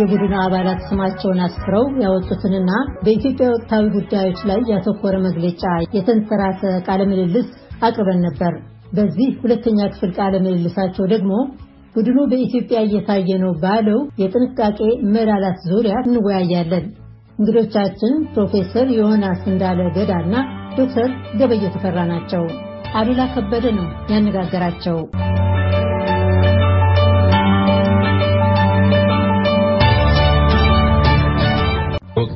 የቡድኑ አባላት ስማቸውን አስፍረው ያወጡትንና በኢትዮጵያ ወቅታዊ ጉዳዮች ላይ ያተኮረ መግለጫ የተንተራሰ ቃለ ምልልስ አቅርበን ነበር። በዚህ ሁለተኛ ክፍል ቃለ ምልልሳቸው ደግሞ ቡድኑ በኢትዮጵያ እየታየ ነው ባለው የጥንቃቄ መላላት ዙሪያ እንወያያለን። እንግዶቻችን ፕሮፌሰር ዮናስ እንዳለ ገዳ እና ዶክተር ገበየ ተፈራ ናቸው። አሉላ ከበደ ነው ያነጋገራቸው።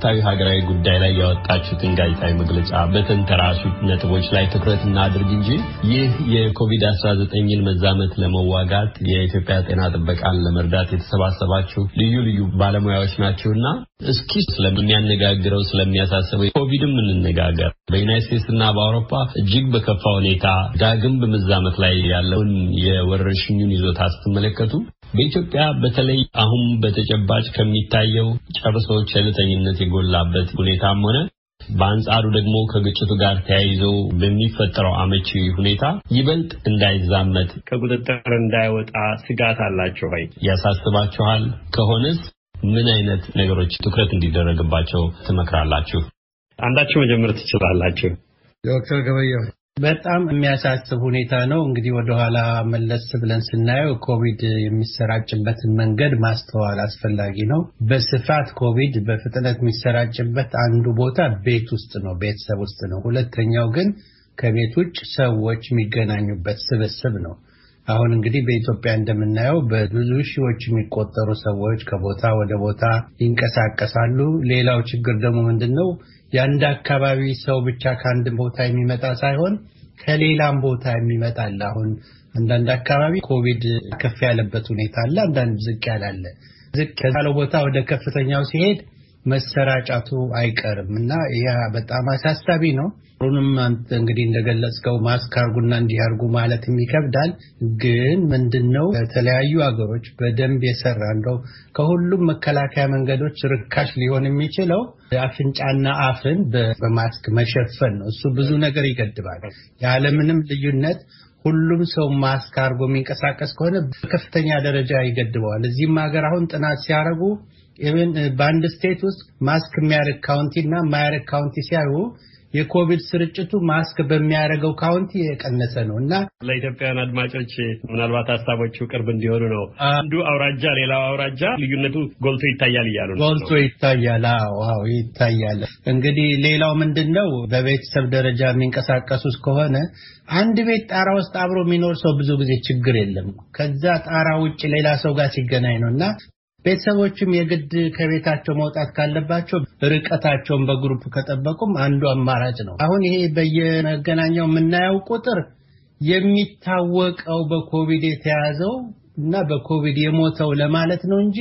በወቅታዊ ሀገራዊ ጉዳይ ላይ ያወጣችሁትን ጋዜጣዊ መግለጫ በተንተራሱ ነጥቦች ላይ ትኩረት እናድርግ እንጂ ይህ የኮቪድ-19ን መዛመት ለመዋጋት የኢትዮጵያ ጤና ጥበቃን ለመርዳት የተሰባሰባችሁ ልዩ ልዩ ባለሙያዎች ናችሁና እስኪ ስለሚያነጋግረው ስለሚያሳስበው ኮቪድም እንነጋገር። በዩናይት ስቴትስ እና በአውሮፓ እጅግ በከፋ ሁኔታ ዳግም በመዛመት ላይ ያለውን የወረርሽኙን ይዞታ ስትመለከቱ በኢትዮጵያ በተለይ አሁን በተጨባጭ ከሚታየው ጨርሶ ቸልተኝነት የጎላበት ሁኔታም ሆነ በአንጻሩ ደግሞ ከግጭቱ ጋር ተያይዞ በሚፈጠረው አመቺ ሁኔታ ይበልጥ እንዳይዛመት ከቁጥጥር እንዳይወጣ ስጋት አላቸው ወይ? ያሳስባችኋል? ከሆነስ ምን አይነት ነገሮች ትኩረት እንዲደረግባቸው ትመክራላችሁ? አንዳችሁ መጀመር ትችላላችሁ። ዶክተር ገበየው በጣም የሚያሳስብ ሁኔታ ነው። እንግዲህ ወደኋላ መለስ ብለን ስናየው ኮቪድ የሚሰራጭበትን መንገድ ማስተዋል አስፈላጊ ነው። በስፋት ኮቪድ በፍጥነት የሚሰራጭበት አንዱ ቦታ ቤት ውስጥ ነው፣ ቤተሰብ ውስጥ ነው። ሁለተኛው ግን ከቤት ውጭ ሰዎች የሚገናኙበት ስብስብ ነው። አሁን እንግዲህ በኢትዮጵያ እንደምናየው በብዙ ሺዎች የሚቆጠሩ ሰዎች ከቦታ ወደ ቦታ ይንቀሳቀሳሉ። ሌላው ችግር ደግሞ ምንድን ነው? የአንድ አካባቢ ሰው ብቻ ከአንድ ቦታ የሚመጣ ሳይሆን ከሌላም ቦታ የሚመጣል። አሁን አንዳንድ አካባቢ ኮቪድ ከፍ ያለበት ሁኔታ አለ፣ አንዳንድ ዝቅ ያላለ ዝቅ ያለው ቦታ ወደ ከፍተኛው ሲሄድ መሰራጫቱ አይቀርም እና ያ በጣም አሳሳቢ ነው። ሁሉንም አንተ እንግዲህ እንደገለጽከው ማስክ አርጉና እንዲህ ማለት ማለትም ይከብዳል። ግን ምንድን ነው በተለያዩ ሀገሮች በደንብ የሰራ እንደው ከሁሉም መከላከያ መንገዶች ርካሽ ሊሆን የሚችለው አፍንጫና አፍን በማስክ መሸፈን ነው። እሱ ብዙ ነገር ይገድባል። ያለምንም ልዩነት ሁሉም ሰው ማስክ አርጎ የሚንቀሳቀስ ከሆነ በከፍተኛ ደረጃ ይገድበዋል። እዚህም ሀገር አሁን ጥናት ሲያደርጉ ኢቨን በአንድ ስቴት ውስጥ ማስክ የሚያደርግ ካውንቲ እና የማያደርግ ካውንቲ ሲያዩ የኮቪድ ስርጭቱ ማስክ በሚያደርገው ካውንቲ የቀነሰ ነው እና ለኢትዮጵያውያን አድማጮች ምናልባት ሀሳቦቹ ቅርብ እንዲሆኑ ነው። አንዱ አውራጃ ሌላው አውራጃ ልዩነቱ ጎልቶ ይታያል እያሉ ነው። ጎልቶ ይታያል። አዎ ይታያል። እንግዲህ ሌላው ምንድን ነው፣ በቤተሰብ ደረጃ የሚንቀሳቀሱ ከሆነ አንድ ቤት ጣራ ውስጥ አብሮ የሚኖር ሰው ብዙ ጊዜ ችግር የለም። ከዛ ጣራ ውጭ ሌላ ሰው ጋር ሲገናኝ ነው እና ቤተሰቦችም የግድ ከቤታቸው መውጣት ካለባቸው ርቀታቸውን በግሩፕ ከጠበቁም አንዱ አማራጭ ነው። አሁን ይሄ በየመገናኛው የምናየው ቁጥር የሚታወቀው በኮቪድ የተያዘው እና በኮቪድ የሞተው ለማለት ነው እንጂ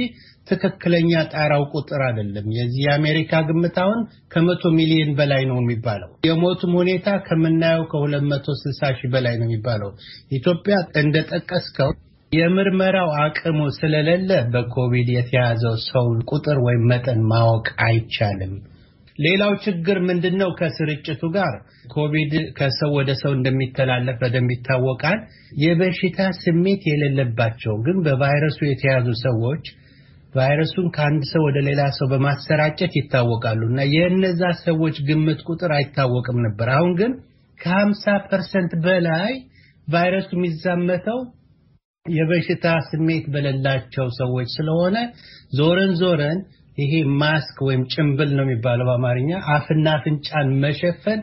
ትክክለኛ ጣራው ቁጥር አይደለም። የዚህ የአሜሪካ ግምት አሁን ከመቶ ሚሊዮን በላይ ነው የሚባለው። የሞቱም ሁኔታ ከምናየው ከሁለት መቶ ስልሳ ሺህ በላይ ነው የሚባለው። ኢትዮጵያ እንደጠቀስከው የምርመራው አቅሙ ስለሌለ በኮቪድ የተያዘው ሰው ቁጥር ወይም መጠን ማወቅ አይቻልም። ሌላው ችግር ምንድን ነው? ከስርጭቱ ጋር ኮቪድ ከሰው ወደ ሰው እንደሚተላለፍ በደንብ ይታወቃል። የበሽታ ስሜት የሌለባቸው ግን በቫይረሱ የተያዙ ሰዎች ቫይረሱን ከአንድ ሰው ወደ ሌላ ሰው በማሰራጨት ይታወቃሉ እና የእነዛ ሰዎች ግምት ቁጥር አይታወቅም ነበር። አሁን ግን ከሀምሳ ፐርሰንት በላይ ቫይረሱ የሚዛመተው የበሽታ ስሜት በሌላቸው ሰዎች ስለሆነ ዞረን ዞረን ይሄ ማስክ ወይም ጭንብል ነው የሚባለው በአማርኛ አፍና አፍንጫን መሸፈን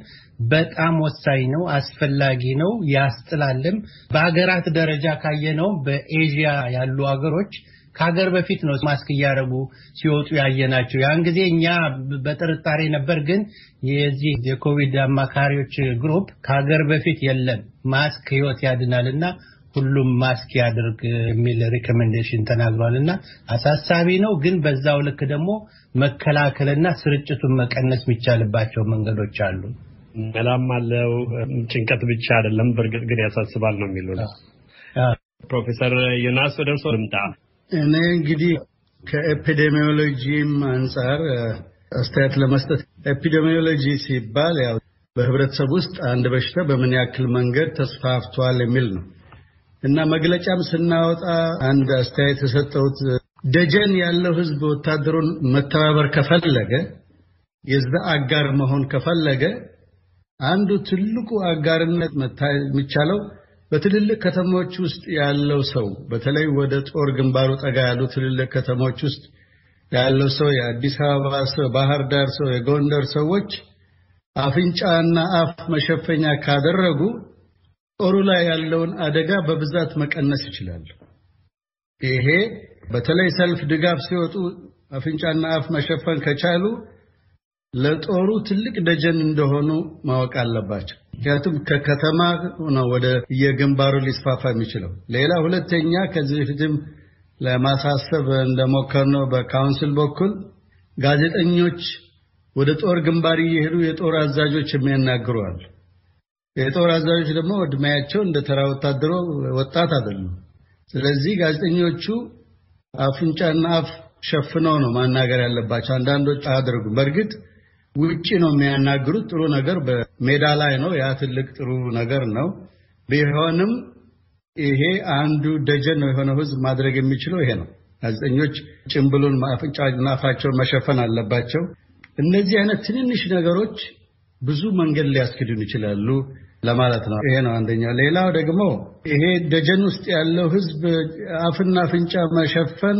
በጣም ወሳኝ ነው፣ አስፈላጊ ነው፣ ያስጥላልም። በሀገራት ደረጃ ካየነው በኤዥያ ያሉ ሀገሮች ከሀገር በፊት ነው ማስክ እያደረጉ ሲወጡ ያየናቸው። ያን ጊዜ እኛ በጥርጣሬ ነበር፣ ግን የዚህ የኮቪድ አማካሪዎች ግሩፕ ከሀገር በፊት የለም ማስክ ህይወት ያድናል እና ሁሉም ማስክ ያድርግ የሚል ሪኮሜንዴሽን ተናግሯል እና አሳሳቢ ነው። ግን በዛው ልክ ደግሞ መከላከልና ስርጭቱን መቀነስ የሚቻልባቸው መንገዶች አሉ። መላም አለው። ጭንቀት ብቻ አይደለም፣ በእርግጥ ግን ያሳስባል ነው የሚሉ ፕሮፌሰር ዮናስ ወደ ልምጣ። እኔ እንግዲህ ከኤፒዴሚዮሎጂም አንጻር አስተያየት ለመስጠት ኤፒዴሚዮሎጂ ሲባል ያው በህብረተሰብ ውስጥ አንድ በሽታ በምን ያክል መንገድ ተስፋፍቷል የሚል ነው። እና መግለጫም ስናወጣ አንድ አስተያየት የሰጠሁት ደጀን ያለው ህዝብ ወታደሩን መተባበር ከፈለገ የዛ አጋር መሆን ከፈለገ አንዱ ትልቁ አጋርነት የሚቻለው በትልልቅ ከተሞች ውስጥ ያለው ሰው በተለይ ወደ ጦር ግንባሩ ጠጋ ያሉ ትልልቅ ከተሞች ውስጥ ያለው ሰው የአዲስ አበባ ሰው፣ ባህር ዳር ሰው፣ የጎንደር ሰዎች አፍንጫና አፍ መሸፈኛ ካደረጉ ጦሩ ላይ ያለውን አደጋ በብዛት መቀነስ ይችላል። ይሄ በተለይ ሰልፍ ድጋፍ ሲወጡ አፍንጫና አፍ መሸፈን ከቻሉ ለጦሩ ትልቅ ደጀን እንደሆኑ ማወቅ አለባቸው። ምክንያቱም ከከተማ ነው ወደ የግንባሩ ሊስፋፋ የሚችለው። ሌላ ሁለተኛ ከዚህ ፊትም ለማሳሰብ እንደሞከርነው በካውንስል በኩል ጋዜጠኞች ወደ ጦር ግንባር እየሄዱ የጦር አዛዦች የሚያናግሩ አሉ። የጦር አዛዦች ደግሞ እድሜያቸው እንደ ተራ ወታደሮ ወጣት አይደሉም። ስለዚህ ጋዜጠኞቹ አፍንጫና አፍ ሸፍነው ነው ማናገር ያለባቸው። አንዳንዶች አያደርጉም። በእርግጥ ውጭ ነው የሚያናግሩት። ጥሩ ነገር በሜዳ ላይ ነው። ያ ትልቅ ጥሩ ነገር ነው። ቢሆንም ይሄ አንዱ ደጀን ነው የሆነው ህዝብ ማድረግ የሚችለው ይሄ ነው። ጋዜጠኞች ጭንብሉን አፍንጫና አፋቸውን መሸፈን አለባቸው። እነዚህ አይነት ትንንሽ ነገሮች ብዙ መንገድ ሊያስክድን ይችላሉ። ለማለት ነው። ይሄ ነው አንደኛ። ሌላው ደግሞ ይሄ ደጀን ውስጥ ያለው ህዝብ አፍና አፍንጫ መሸፈን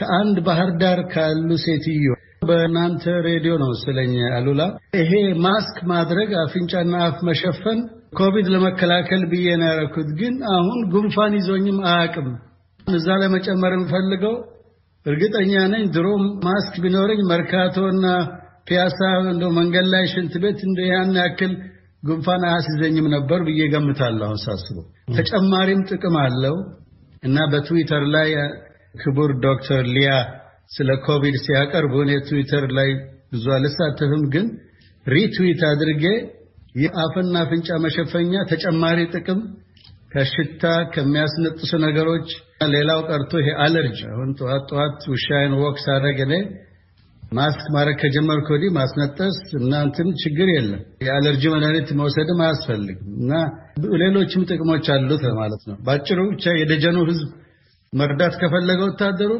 ከአንድ ባህር ዳር ካሉ ሴትዮ በእናንተ ሬዲዮ ነው ስለኝ አሉላ፣ ይሄ ማስክ ማድረግ አፍንጫና አፍ መሸፈን ኮቪድ ለመከላከል ብዬ ነው ያደረኩት፣ ግን አሁን ጉንፋን ይዞኝም አያውቅም። እዛ ላይ መጨመር የምፈልገው እርግጠኛ ነኝ ድሮ ማስክ ቢኖረኝ መርካቶና ፒያሳ እንደ መንገድ ላይ ሽንት ቤት እንደ ያን ያክል ጉንፋን አያስይዘኝም ነበር ብዬ ገምታለሁ። አሁን ሳስበው ተጨማሪም ጥቅም አለው እና በትዊተር ላይ ክቡር ዶክተር ሊያ ስለ ኮቪድ ሲያቀርቡ እኔ ትዊተር ላይ ብዙ አልሳተፍም፣ ግን ሪትዊት አድርጌ የአፍና አፍንጫ መሸፈኛ ተጨማሪ ጥቅም ከሽታ ከሚያስነጥሱ ነገሮች ሌላው ቀርቶ ይሄ አለርጅ አሁን ጠዋት ጠዋት ውሻይን ወክ ሳደርግ እኔ ማስክ ማድረግ ከጀመርክ ወዲህ ማስነጠስ እናንትም ችግር የለም። የአለርጂ መድኃኒት መውሰድም አያስፈልግም እና ሌሎችም ጥቅሞች አሉት ማለት ነው። በአጭሩ ብቻ የደጀኑ ህዝብ መርዳት ከፈለገ ወታደሩ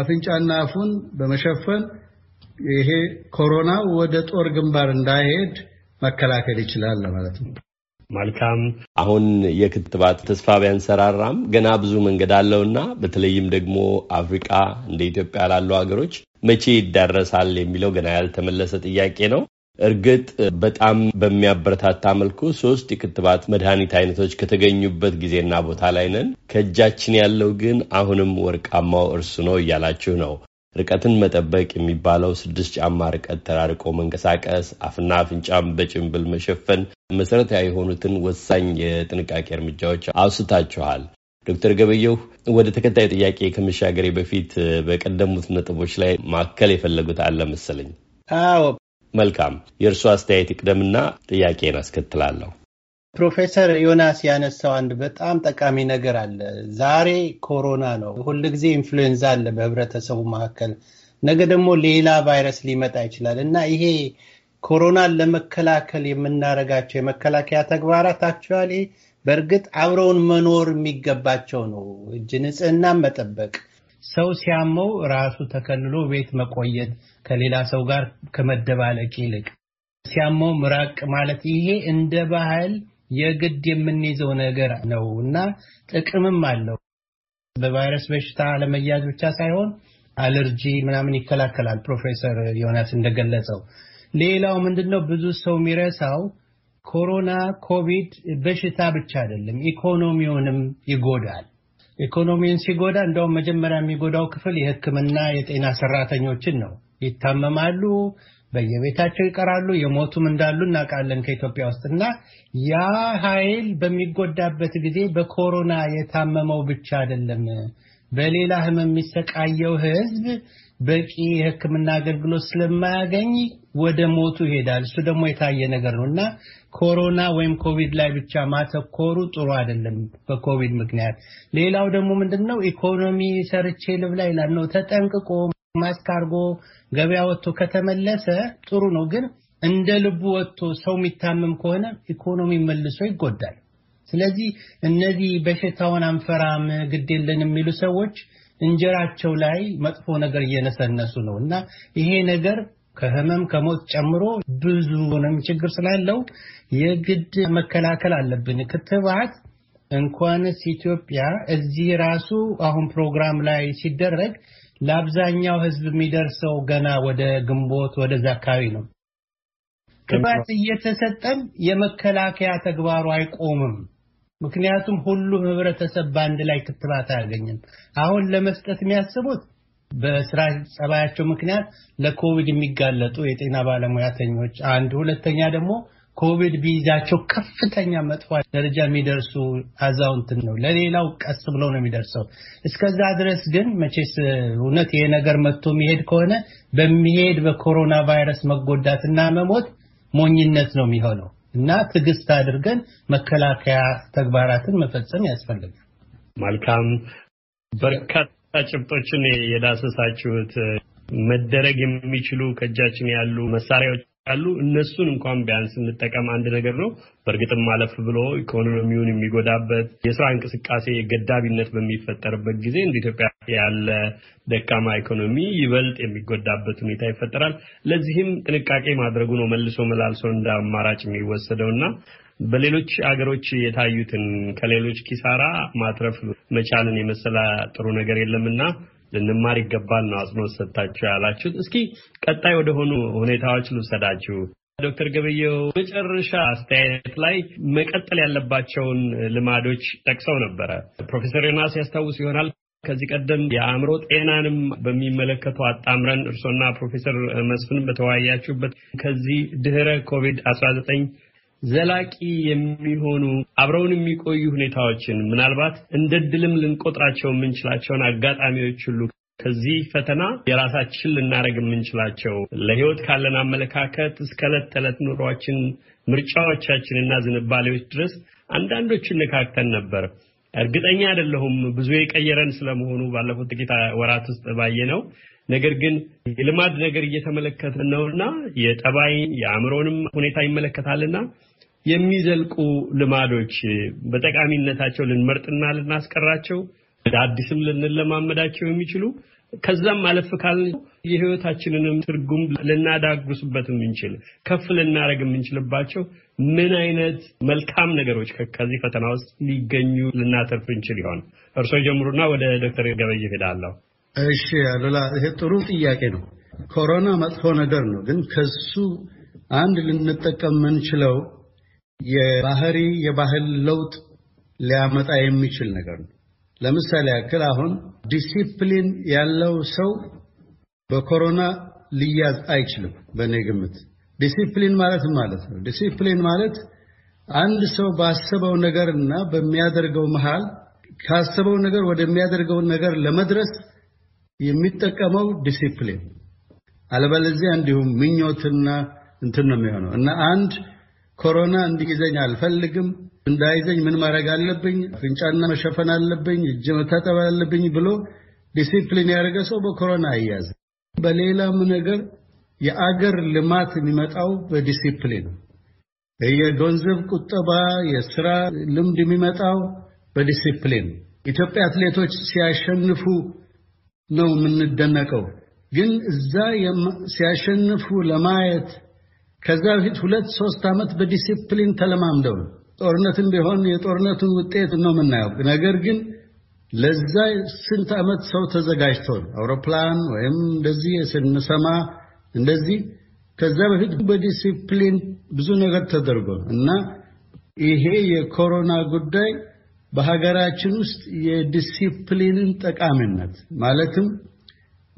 አፍንጫና አፉን በመሸፈን ይሄ ኮሮና ወደ ጦር ግንባር እንዳይሄድ መከላከል ይችላል ማለት ነው። መልካም። አሁን የክትባት ተስፋ ቢያንሰራራም ገና ብዙ መንገድ አለውና በተለይም ደግሞ አፍሪቃ እንደ ኢትዮጵያ ላሉ ሀገሮች መቼ ይዳረሳል የሚለው ገና ያልተመለሰ ጥያቄ ነው። እርግጥ በጣም በሚያበረታታ መልኩ ሶስት የክትባት መድኃኒት አይነቶች ከተገኙበት ጊዜና ቦታ ላይ ነን። ከእጃችን ያለው ግን አሁንም ወርቃማው እርሱ ነው እያላችሁ ነው። ርቀትን መጠበቅ የሚባለው ስድስት ጫማ ርቀት ተራርቆ መንቀሳቀስ፣ አፍና አፍንጫም በጭንብል መሸፈን መሰረታዊ የሆኑትን ወሳኝ የጥንቃቄ እርምጃዎች አውስታችኋል። ዶክተር ገበየው ወደ ተከታይ ጥያቄ ከመሻገሬ በፊት በቀደሙት ነጥቦች ላይ ማከል የፈለጉት አለ መሰለኝ? አዎ፣ መልካም የእርሱ አስተያየት ይቅደምና ጥያቄን አስከትላለሁ። ፕሮፌሰር ዮናስ ያነሳው አንድ በጣም ጠቃሚ ነገር አለ። ዛሬ ኮሮና ነው፣ ሁልጊዜ ኢንፍሉዌንዛ አለ በህብረተሰቡ መካከል፣ ነገ ደግሞ ሌላ ቫይረስ ሊመጣ ይችላል እና ይሄ ኮሮናን ለመከላከል የምናደርጋቸው የመከላከያ ተግባራት አክቹዋሊ በእርግጥ አብረውን መኖር የሚገባቸው ነው። እጅ ንጽህና መጠበቅ፣ ሰው ሲያመው ራሱ ተከልሎ ቤት መቆየት ከሌላ ሰው ጋር ከመደባለቅ ይልቅ ሲያመው ምራቅ ማለት ይሄ እንደ ባህል የግድ የምንይዘው ነገር ነው እና ጥቅምም አለው። በቫይረስ በሽታ ለመያዝ ብቻ ሳይሆን አለርጂ ምናምን ይከላከላል። ፕሮፌሰር ዮናስ እንደገለጸው ሌላው ምንድን ነው ብዙ ሰው የሚረሳው ኮሮና ኮቪድ በሽታ ብቻ አይደለም፣ ኢኮኖሚውንም ይጎዳል። ኢኮኖሚውን ሲጎዳ እንደውም መጀመሪያ የሚጎዳው ክፍል የሕክምና የጤና ሰራተኞችን ነው። ይታመማሉ፣ በየቤታቸው ይቀራሉ፣ የሞቱም እንዳሉ እናውቃለን ከኢትዮጵያ ውስጥ እና ያ ኃይል በሚጎዳበት ጊዜ በኮሮና የታመመው ብቻ አይደለም፣ በሌላ ህመም የሚሰቃየው ህዝብ በቂ የህክምና አገልግሎት ስለማያገኝ ወደ ሞቱ ይሄዳል። እሱ ደግሞ የታየ ነገር ነው እና ኮሮና ወይም ኮቪድ ላይ ብቻ ማተኮሩ ጥሩ አይደለም። በኮቪድ ምክንያት ሌላው ደግሞ ምንድን ነው ኢኮኖሚ ሰርቼ ልብላ ይላል ነው ተጠንቅቆ ማስክ አድርጎ ገበያ ወጥቶ ከተመለሰ ጥሩ ነው። ግን እንደ ልቡ ወጥቶ ሰው የሚታመም ከሆነ ኢኮኖሚ መልሶ ይጎዳል። ስለዚህ እነዚህ በሽታውን አንፈራም ግድ የለን የሚሉ ሰዎች እንጀራቸው ላይ መጥፎ ነገር እየነሰነሱ ነው እና ይሄ ነገር ከህመም ከሞት ጨምሮ ብዙንም ችግር ስላለው የግድ መከላከል አለብን። ክትባት እንኳንስ ኢትዮጵያ እዚህ ራሱ አሁን ፕሮግራም ላይ ሲደረግ ለአብዛኛው ህዝብ የሚደርሰው ገና ወደ ግንቦት ወደዛ አካባቢ ነው። ክትባት እየተሰጠም የመከላከያ ተግባሩ አይቆምም። ምክንያቱም ሁሉም ህብረተሰብ በአንድ ላይ ክትባት አያገኝም። አሁን ለመስጠት የሚያስቡት በስራ ጸባያቸው ምክንያት ለኮቪድ የሚጋለጡ የጤና ባለሙያተኞች አንድ፣ ሁለተኛ ደግሞ ኮቪድ ቢይዛቸው ከፍተኛ መጥፋ ደረጃ የሚደርሱ አዛውንት ነው። ለሌላው ቀስ ብሎ ነው የሚደርሰው። እስከዛ ድረስ ግን መቼስ እውነት ይሄ ነገር መጥቶ የሚሄድ ከሆነ በሚሄድ በኮሮና ቫይረስ መጎዳትና መሞት ሞኝነት ነው የሚሆነው እና ትዕግስት አድርገን መከላከያ ተግባራትን መፈጸም ያስፈልጋል። መልካም በርካታ ጭብጦችን የዳሰሳችሁት መደረግ የሚችሉ ከእጃችን ያሉ መሳሪያዎች ያሉ እነሱን እንኳን ቢያንስ እንጠቀም አንድ ነገር ነው። በእርግጥም ማለፍ ብሎ ኢኮኖሚውን የሚጎዳበት የስራ እንቅስቃሴ ገዳቢነት በሚፈጠርበት ጊዜ እንደ ኢትዮጵያ ያለ ደካማ ኢኮኖሚ ይበልጥ የሚጎዳበት ሁኔታ ይፈጠራል። ለዚህም ጥንቃቄ ማድረጉ ነው መልሶ መላልሶ እንደ አማራጭ የሚወሰደው እና በሌሎች አገሮች የታዩትን ከሌሎች ኪሳራ ማትረፍ መቻልን የመሰለ ጥሩ ነገር የለምና ልንማር ይገባል ነው አጽንኦት ሰጥታችሁ ያላችሁት። እስኪ ቀጣይ ወደሆኑ ሁኔታዎች ልውሰዳችሁ። ዶክተር ገበየው መጨረሻ አስተያየት ላይ መቀጠል ያለባቸውን ልማዶች ጠቅሰው ነበረ። ፕሮፌሰር ዮናስ ያስታውስ ይሆናል ከዚህ ቀደም የአእምሮ ጤናንም በሚመለከቱ አጣምረን እርሶና ፕሮፌሰር መስፍን በተወያያችሁበት ከዚህ ድህረ ኮቪድ-19 ዘላቂ የሚሆኑ አብረውን የሚቆዩ ሁኔታዎችን ምናልባት እንደ ድልም ልንቆጥራቸው የምንችላቸውን አጋጣሚዎች ሁሉ ከዚህ ፈተና የራሳችን ልናደረግ የምንችላቸው ለህይወት ካለን አመለካከት እስከ ዕለት ተዕለት ኑሯችን ምርጫዎቻችንና ዝንባሌዎች ድረስ አንዳንዶቹ ነካክተን ነበር። እርግጠኛ አይደለሁም ብዙ የቀየረን ስለመሆኑ ባለፉት ጥቂት ወራት ውስጥ ባየ ነው። ነገር ግን የልማድ ነገር እየተመለከተ ነውና የጠባይን የአእምሮንም ሁኔታ ይመለከታልና የሚዘልቁ ልማዶች በጠቃሚነታቸው ልንመርጥና ልናስቀራቸው አዲስም ልንለማመዳቸው የሚችሉ ከዛም አለፍ ካልን የህይወታችንንም ትርጉም ልናዳጉስበት የምንችል ከፍ ልናደረግ የምንችልባቸው ምን አይነት መልካም ነገሮች ከዚህ ፈተና ውስጥ ሊገኙ ልናተርፍ እንችል ይሆን? እርሶ ጀምሩና ወደ ዶክተር ገበይ ሄዳለሁ። እሺ አሉላ፣ ይሄ ጥሩ ጥያቄ ነው። ኮሮና መጥፎ ነገር ነው፣ ግን ከሱ አንድ ልንጠቀም የምንችለው የባህሪ የባህል ለውጥ ሊያመጣ የሚችል ነገር ነው። ለምሳሌ ያክል አሁን ዲሲፕሊን ያለው ሰው በኮሮና ሊያዝ አይችልም። በእኔ ግምት ዲሲፕሊን ማለት ማለት ነው። ዲሲፕሊን ማለት አንድ ሰው ባሰበው ነገርና በሚያደርገው መሃል ካሰበው ነገር ወደሚያደርገው ነገር ለመድረስ የሚጠቀመው ዲሲፕሊን፣ አለበለዚያ እንዲሁም ምኞትና እንትን ነው የሚሆነው እና አንድ ኮሮና እንዲይዘኝ አልፈልግም፣ እንዳይዘኝ ምን ማድረግ አለብኝ? አፍንጫና መሸፈን አለብኝ፣ እጅ መታጠብ አለብኝ ብሎ ዲሲፕሊን ያደረገ ሰው በኮሮና አያዝ። በሌላም ነገር የአገር ልማት የሚመጣው በዲሲፕሊን የገንዘብ ቁጠባ፣ የስራ ልምድ የሚመጣው በዲሲፕሊን ኢትዮጵያ አትሌቶች ሲያሸንፉ ነው የምንደነቀው። ግን እዛ ሲያሸንፉ ለማየት ከዛ በፊት ሁለት ሶስት ዓመት በዲሲፕሊን ተለማምደው ነው። ጦርነትን ቢሆን የጦርነቱን ውጤት ነው የምናየው። ነገር ግን ለዛ ስንት ዓመት ሰው ተዘጋጅቶ ነው አውሮፕላን ወይም እንደዚህ ስንሰማ እንደዚህ። ከዛ በፊት በዲሲፕሊን ብዙ ነገር ተደርጎ እና ይሄ የኮሮና ጉዳይ በሀገራችን ውስጥ የዲሲፕሊንን ጠቃሚነት ማለትም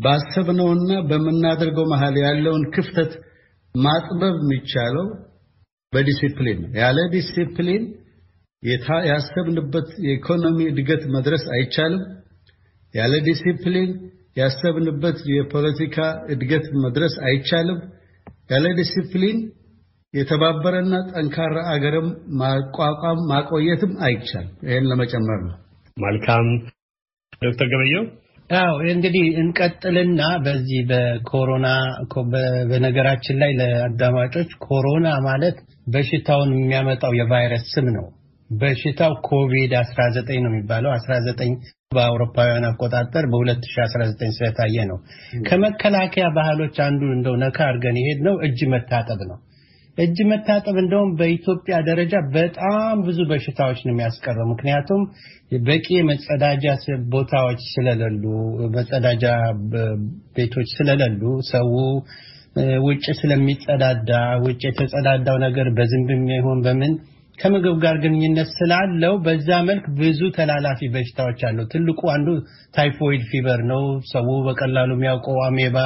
ባሰብነውና በምናደርገው መሀል ያለውን ክፍተት ማጥበብ የሚቻለው በዲሲፕሊን ነው። ያለ ዲሲፕሊን ያሰብንበት የኢኮኖሚ እድገት መድረስ አይቻልም። ያለ ዲሲፕሊን ያሰብንበት የፖለቲካ እድገት መድረስ አይቻልም። ያለ ዲሲፕሊን የተባበረና ጠንካራ አገርም ማቋቋም ማቆየትም አይቻልም። ይህን ለመጨመር ነው። መልካም ዶክተር ገበየው አዎ እንግዲህ እንቀጥልና በዚህ በኮሮና በነገራችን ላይ ለአዳማጮች ኮሮና ማለት በሽታውን የሚያመጣው የቫይረስ ስም ነው። በሽታው ኮቪድ 19 ነው የሚባለው 19 በአውሮፓውያን አቆጣጠር በ2019 ስለታየ ነው። ከመከላከያ ባህሎች አንዱ እንደው ነካ አድርገን የሄድ ነው እጅ መታጠብ ነው። እጅ መታጠብ እንደውም በኢትዮጵያ ደረጃ በጣም ብዙ በሽታዎች ነው የሚያስቀረው። ምክንያቱም በቂ የመጸዳጃ ቦታዎች ስለሌሉ፣ መጸዳጃ ቤቶች ስለሌሉ ሰው ውጭ ስለሚጸዳዳ ውጭ የተጸዳዳው ነገር በዝንብም ይሁን በምን ከምግብ ጋር ግንኙነት ስላለው በዛ መልክ ብዙ ተላላፊ በሽታዎች አሉ። ትልቁ አንዱ ታይፎይድ ፊቨር ነው። ሰው በቀላሉ የሚያውቀው አሜባ፣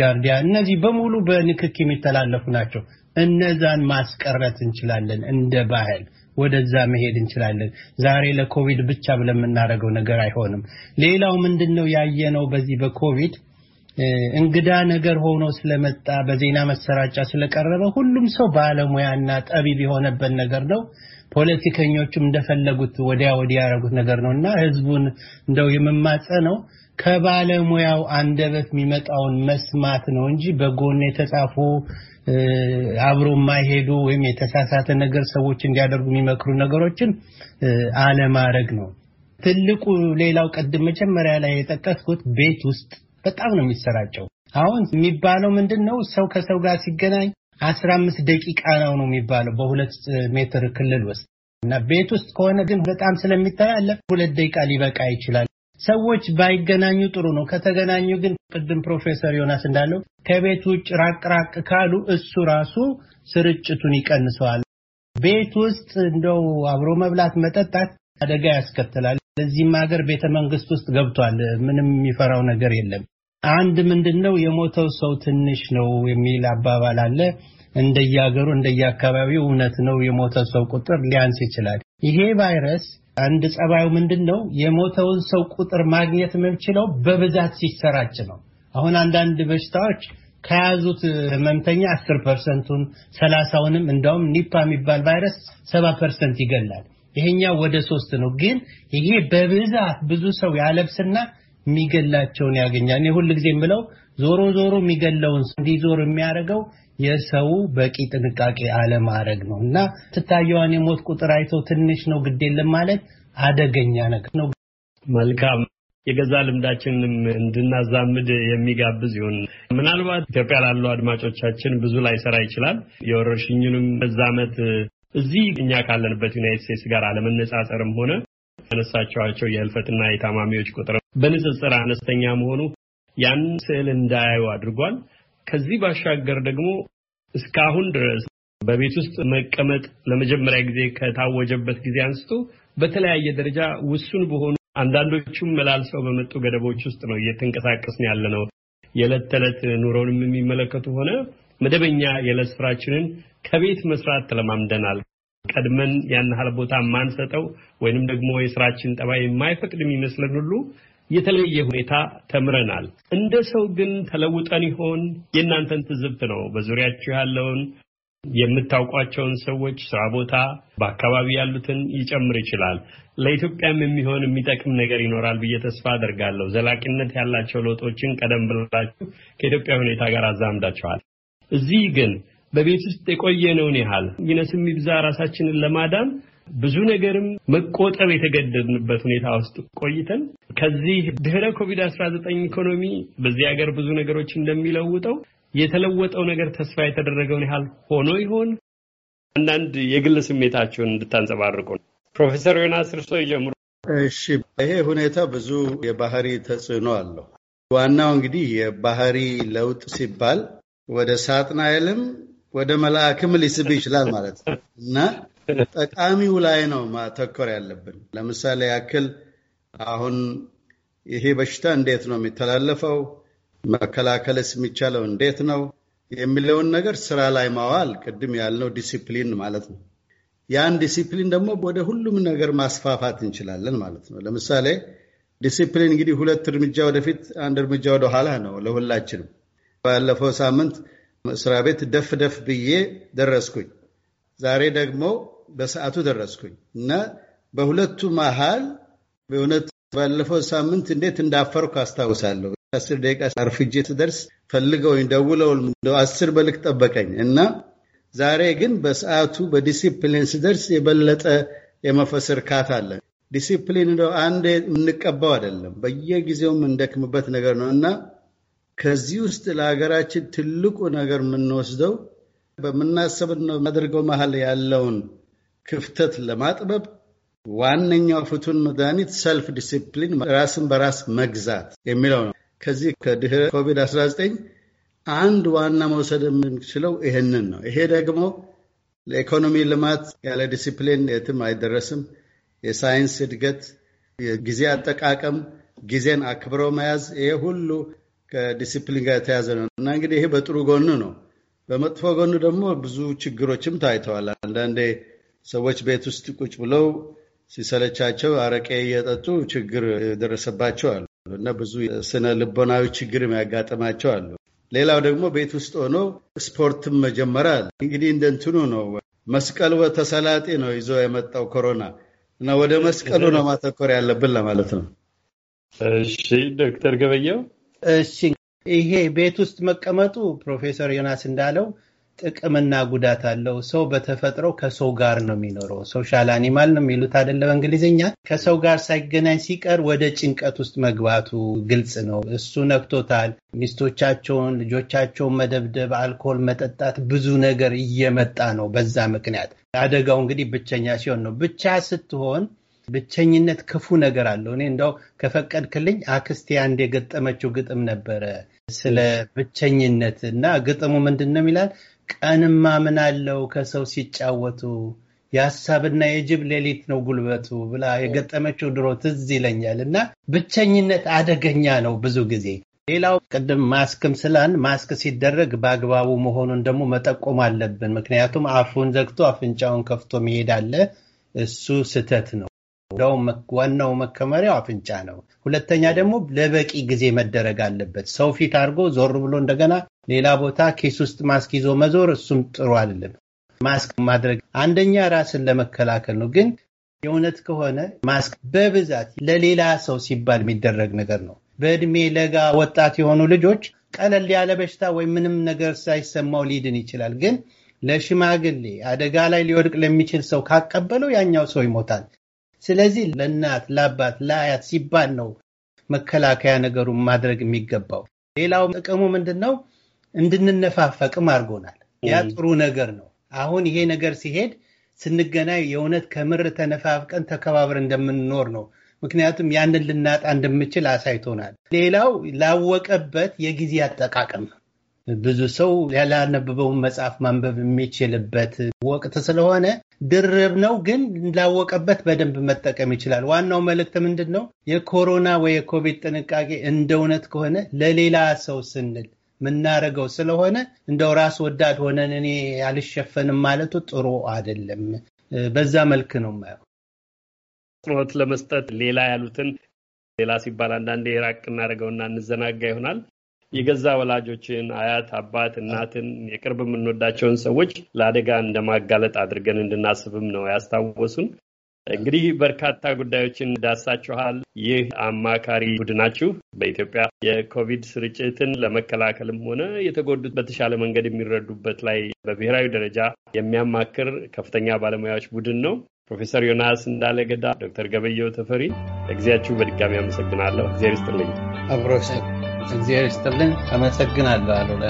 ጃርዲያ፣ እነዚህ በሙሉ በንክክ የሚተላለፉ ናቸው። እነዛን ማስቀረት እንችላለን። እንደ ባህል ወደዛ መሄድ እንችላለን። ዛሬ ለኮቪድ ብቻ ብለን የምናደርገው ነገር አይሆንም። ሌላው ምንድን ነው ያየነው በዚህ በኮቪድ እንግዳ ነገር ሆኖ ስለመጣ በዜና መሰራጫ ስለቀረበ ሁሉም ሰው ባለሙያና ጠቢብ የሆነበት ነገር ነው። ፖለቲከኞቹም እንደፈለጉት ወዲያ ወዲያ ያደረጉት ነገር ነው እና ህዝቡን እንደው ነው ከባለሙያው አንደበት የሚመጣውን መስማት ነው እንጂ በጎን የተጻፉ አብሮ የማይሄዱ ወይም የተሳሳተ ነገር ሰዎች እንዲያደርጉ የሚመክሩ ነገሮችን አለማድረግ ነው። ትልቁ ሌላው ቀድም መጀመሪያ ላይ የጠቀስኩት ቤት ውስጥ በጣም ነው የሚሰራጨው። አሁን የሚባለው ምንድን ነው? ሰው ከሰው ጋር ሲገናኝ አስራ አምስት ደቂቃ ነው ነው የሚባለው በሁለት ሜትር ክልል ውስጥ እና ቤት ውስጥ ከሆነ ግን በጣም ስለሚተላለፍ ሁለት ደቂቃ ሊበቃ ይችላል። ሰዎች ባይገናኙ ጥሩ ነው። ከተገናኙ ግን ቅድም ፕሮፌሰር ዮናስ እንዳለው ከቤት ውጭ ራቅ ራቅ ካሉ እሱ ራሱ ስርጭቱን ይቀንሰዋል። ቤት ውስጥ እንደው አብሮ መብላት፣ መጠጣት አደጋ ያስከትላል። ለዚህም ሀገር ቤተ መንግስት ውስጥ ገብቷል። ምንም የሚፈራው ነገር የለም። አንድ ምንድን ነው የሞተው ሰው ትንሽ ነው የሚል አባባል አለ። እንደየሀገሩ እንደየአካባቢው እውነት ነው። የሞተ ሰው ቁጥር ሊያንስ ይችላል። ይሄ ቫይረስ አንድ ጸባዩ ምንድን ነው? የሞተውን ሰው ቁጥር ማግኘት የምንችለው በብዛት ሲሰራጭ ነው። አሁን አንዳንድ በሽታዎች ከያዙት ህመምተኛ አስር ፐርሰንቱን ሰላሳውንም እንደውም ኒፓ የሚባል ቫይረስ ሰባ ፐርሰንት ይገላል። ይሄኛው ወደ ሶስት ነው። ግን ይሄ በብዛት ብዙ ሰው ያለብስና የሚገላቸውን ያገኛል። እኔ ሁል ጊዜ የምለው ዞሮ ዞሮ የሚገለውን እንዲዞር የሚያደርገው የሰው በቂ ጥንቃቄ አለማድረግ ነው እና ትታየዋን የሞት ቁጥር አይተው ትንሽ ነው ግድ የለም ማለት አደገኛ ነገር ነው። መልካም የገዛ ልምዳችንንም እንድናዛምድ የሚጋብዝ ይሁን። ምናልባት ኢትዮጵያ ላሉ አድማጮቻችን ብዙ ሰራ ይችላል። የወረርሽኙንም መዛመት እዚህ እኛ ካለንበት ዩናይት ስቴትስ ጋር አለመነጻጸርም ሆነ ያነሳቸዋቸው የህልፈትና የታማሚዎች ቁጥር በንጽጽር አነስተኛ መሆኑ ያን ስዕል እንዳያዩ አድርጓል። ከዚህ ባሻገር ደግሞ እስካሁን ድረስ በቤት ውስጥ መቀመጥ ለመጀመሪያ ጊዜ ከታወጀበት ጊዜ አንስቶ በተለያየ ደረጃ ውሱን በሆኑ አንዳንዶቹም መላልሰው በመጡ ገደቦች ውስጥ ነው እየተንቀሳቀስን ያለ ነው። የዕለት ተዕለት ኑሮንም የሚመለከቱ ሆነ መደበኛ የዕለት ስራችንን ከቤት መስራት ተለማምደናል። ቀድመን ያን ያህል ቦታ የማንሰጠው ወይንም ደግሞ የስራችን ጠባይ የማይፈቅድ የሚመስለን ሁሉ የተለየ ሁኔታ ተምረናል። እንደ ሰው ግን ተለውጠን ይሆን? የእናንተን ትዝብት ነው በዙሪያችሁ ያለውን የምታውቋቸውን ሰዎች ስራ ቦታ፣ በአካባቢ ያሉትን ይጨምር ይችላል። ለኢትዮጵያም የሚሆን የሚጠቅም ነገር ይኖራል ብዬ ተስፋ አደርጋለሁ። ዘላቂነት ያላቸው ለውጦችን ቀደም ብላችሁ ከኢትዮጵያ ሁኔታ ጋር አዛምዳችኋል። እዚህ ግን በቤት ውስጥ የቆየነውን ያህል ይነስም ይብዛ ራሳችንን ለማዳን ብዙ ነገርም መቆጠብ የተገደድንበት ሁኔታ ውስጥ ቆይተን ከዚህ ድህረ ኮቪድ አስራ ዘጠኝ ኢኮኖሚ በዚህ ሀገር ብዙ ነገሮች እንደሚለውጠው የተለወጠው ነገር ተስፋ የተደረገውን ያህል ሆኖ ይሆን? አንዳንድ የግል ስሜታቸውን እንድታንጸባርቁ ነው። ፕሮፌሰር ዮናስ እርሶ ይጀምሩ። እሺ፣ ይሄ ሁኔታ ብዙ የባህሪ ተጽዕኖ አለው። ዋናው እንግዲህ የባህሪ ለውጥ ሲባል ወደ ሳጥናኤልም ወደ መልአክም ሊስብ ይችላል ማለት ነው እና ጠቃሚው ላይ ነው ማተኮር ያለብን። ለምሳሌ ያክል አሁን ይሄ በሽታ እንዴት ነው የሚተላለፈው፣ መከላከልስ የሚቻለው እንዴት ነው የሚለውን ነገር ስራ ላይ ማዋል ቅድም ያልነው ዲሲፕሊን ማለት ነው። ያን ዲሲፕሊን ደግሞ ወደ ሁሉም ነገር ማስፋፋት እንችላለን ማለት ነው። ለምሳሌ ዲሲፕሊን እንግዲህ ሁለት እርምጃ ወደፊት፣ አንድ እርምጃ ወደኋላ ነው ለሁላችንም። ባለፈው ሳምንት እስራ ቤት ደፍ ደፍ ብዬ ደረስኩኝ። ዛሬ ደግሞ በሰዓቱ ደረስኩኝ እና በሁለቱ መሃል በእውነት ባለፈው ሳምንት እንዴት እንዳፈርኩ አስታውሳለሁ። አስር ደቂቃ አርፍጄ ስደርስ ፈልገውኝ ደውለው አስር በልክ ጠበቀኝ እና ዛሬ ግን በሰዓቱ በዲሲፕሊን ስደርስ የበለጠ የመፈስ እርካታ አለ። ዲሲፕሊን እንደው አንድ የምንቀባው አይደለም፣ በየጊዜው የምንደክምበት ነገር ነው እና ከዚህ ውስጥ ለሀገራችን ትልቁ ነገር የምንወስደው በምናሰብና የምናደርገው መሀል ያለውን ክፍተት ለማጥበብ ዋነኛው ፍቱን መድኃኒት ሰልፍ ዲሲፕሊን ራስን በራስ መግዛት የሚለው ነው። ከዚህ ከድህረ ኮቪድ-19 አንድ ዋና መውሰድ የምንችለው ይህንን ነው። ይሄ ደግሞ ለኢኮኖሚ ልማት ያለ ዲሲፕሊን የትም አይደረስም። የሳይንስ እድገት፣ የጊዜ አጠቃቀም፣ ጊዜን አክብሮ መያዝ ይሄ ሁሉ ከዲሲፕሊን ጋር የተያዘ ነው እና እንግዲህ ይሄ በጥሩ ጎኑ ነው። በመጥፎ ጎኑ ደግሞ ብዙ ችግሮችም ታይተዋል። አንዳንዴ ሰዎች ቤት ውስጥ ቁጭ ብለው ሲሰለቻቸው አረቄ እየጠጡ ችግር የደረሰባቸዋል እና ብዙ ስነ ልቦናዊ ችግር የሚያጋጥማቸው አሉ። ሌላው ደግሞ ቤት ውስጥ ሆኖ ስፖርትም መጀመራል እንግዲህ እንደ እንትኑ ነው። መስቀል ተሰላጤ ነው ይዞ የመጣው ኮሮና እና ወደ መስቀሉ ነው ማተኮር ያለብን ለማለት ነው። እሺ ዶክተር ገበየው እሺ ይሄ ቤት ውስጥ መቀመጡ ፕሮፌሰር ዮናስ እንዳለው ጥቅምና ጉዳት አለው። ሰው በተፈጥሮ ከሰው ጋር ነው የሚኖረው። ሶሻል አኒማል ነው የሚሉት አይደለ? በእንግሊዝኛ ከሰው ጋር ሳይገናኝ ሲቀር ወደ ጭንቀት ውስጥ መግባቱ ግልጽ ነው። እሱ ነክቶታል። ሚስቶቻቸውን፣ ልጆቻቸውን መደብደብ፣ አልኮል መጠጣት፣ ብዙ ነገር እየመጣ ነው። በዛ ምክንያት አደጋው እንግዲህ ብቸኛ ሲሆን ነው። ብቻ ስትሆን ብቸኝነት ክፉ ነገር አለው። እኔ እንደው ከፈቀድክልኝ አክስቴ አንድ የገጠመችው ግጥም ነበረ ስለ ብቸኝነት እና ግጥሙ ምንድን ነው ይላል ቀንማ ምን አለው ከሰው ሲጫወቱ የሀሳብና የጅብ ሌሊት ነው ጉልበቱ ብላ የገጠመችው ድሮ ትዝ ይለኛል። እና ብቸኝነት አደገኛ ነው ብዙ ጊዜ። ሌላው ቅድም ማስክም ስላን ማስክ ሲደረግ በአግባቡ መሆኑን ደግሞ መጠቆም አለብን። ምክንያቱም አፉን ዘግቶ አፍንጫውን ከፍቶ መሄድ አለ። እሱ ስህተት ነው። እንደውም ዋናው መከመሪያው አፍንጫ ነው። ሁለተኛ ደግሞ ለበቂ ጊዜ መደረግ አለበት። ሰው ፊት አድርጎ ዞር ብሎ እንደገና ሌላ ቦታ ኬስ ውስጥ ማስክ ይዞ መዞር እሱም ጥሩ አይደለም። ማስክ ማድረግ አንደኛ ራስን ለመከላከል ነው። ግን የእውነት ከሆነ ማስክ በብዛት ለሌላ ሰው ሲባል የሚደረግ ነገር ነው። በእድሜ ለጋ ወጣት የሆኑ ልጆች ቀለል ያለ በሽታ ወይም ምንም ነገር ሳይሰማው ሊድን ይችላል። ግን ለሽማግሌ አደጋ ላይ ሊወድቅ ለሚችል ሰው ካቀበለው ያኛው ሰው ይሞታል። ስለዚህ ለእናት ለአባት፣ ለአያት ሲባል ነው መከላከያ ነገሩን ማድረግ የሚገባው። ሌላው ጥቅሙ ምንድን ነው? እንድንነፋፈቅም አድርጎናል። ያ ጥሩ ነገር ነው። አሁን ይሄ ነገር ሲሄድ ስንገናኝ የእውነት ከምር ተነፋፍቀን ተከባብር እንደምንኖር ነው። ምክንያቱም ያንን ልናጣ እንደምችል አሳይቶናል። ሌላው ላወቀበት የጊዜ አጠቃቀም ነው። ብዙ ሰው ያላነበበውን መጽሐፍ ማንበብ የሚችልበት ወቅት ስለሆነ ድርብ ነው፣ ግን ላወቀበት በደንብ መጠቀም ይችላል። ዋናው መልእክት ምንድን ነው? የኮሮና ወይ የኮቪድ ጥንቃቄ እንደ እውነት ከሆነ ለሌላ ሰው ስንል የምናደርገው ስለሆነ እንደው ራስ ወዳድ ሆነን እኔ አልሸፈንም ማለቱ ጥሩ አይደለም። በዛ መልክ ነው የማየው። አጽንኦት ለመስጠት ሌላ ያሉትን ሌላ ሲባል አንዳንዴ ራቅ እናደርገውና እንዘናጋ ይሆናል። የገዛ ወላጆችን፣ አያት፣ አባት፣ እናትን፣ የቅርብ የምንወዳቸውን ሰዎች ለአደጋ እንደማጋለጥ አድርገን እንድናስብም ነው ያስታወሱን። እንግዲህ በርካታ ጉዳዮችን ዳሳችኋል። ይህ አማካሪ ቡድናችሁ በኢትዮጵያ የኮቪድ ስርጭትን ለመከላከልም ሆነ የተጎዱት በተሻለ መንገድ የሚረዱበት ላይ በብሔራዊ ደረጃ የሚያማክር ከፍተኛ ባለሙያዎች ቡድን ነው። ፕሮፌሰር ዮናስ እንዳለ ገዳ፣ ዶክተር ገበየው ተፈሪ ለጊዜያችሁ በድጋሚ አመሰግናለሁ። እግዚአብሔር ይስጥልኝ አብሮ እግዚአብሔር ይስጥልን። አመሰግናለሁ አሉላ።